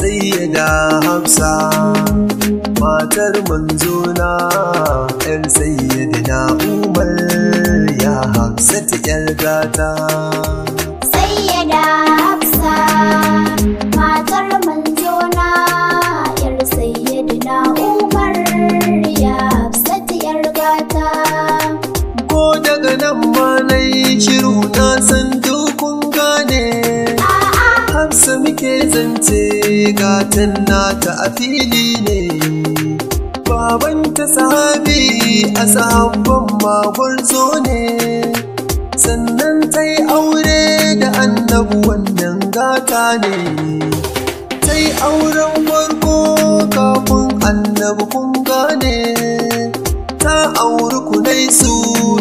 sayyada hafsa matar manzona yar na umar ya hamsa ta yar gata sayyada zance gatan nata a fili ne babanta sahabi a sahabban zo ne sannan ta yi aure da annabu wannan gata ne ta yi auren farko kafin annabu kun gane ta auri kunai su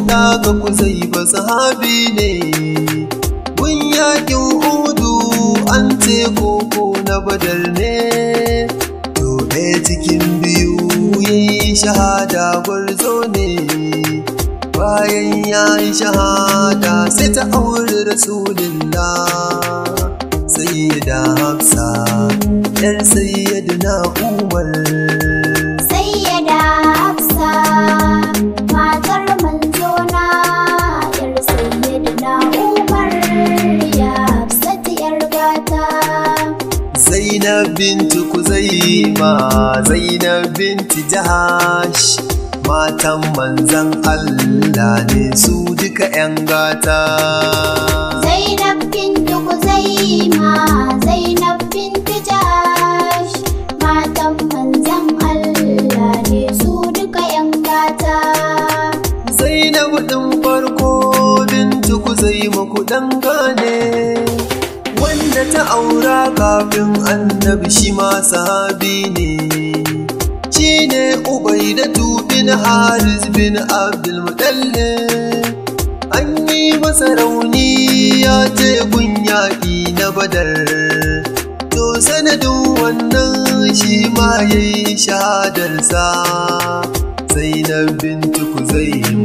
ga kuzai ba sahabi ne mun yakin udu an ce ko badal ne dobe cikin biyu yi shahada gwarzo ne bayan ya yi shahada sai ta auri rasulillah da hafsa yar sayyidina umar Zainab binti Kuzaima, Zainab binti Jahash, matan manzan Allah ne su duka ‘yan gata. Zainab binti Kuzaima, Zainab binti Jahash, matan manzan Allah ne su duka ‘yan gata. Zainab ɗin farko binti Kuzaima ku ɗan gane. ta aura kafin annabi shi ma sahabi ne shi ne da bin haris bin mutalle an yi masa rauni ya je yaƙi na badar to sanadin wannan shi ma ya yi shahadarsa na bintu kuzaima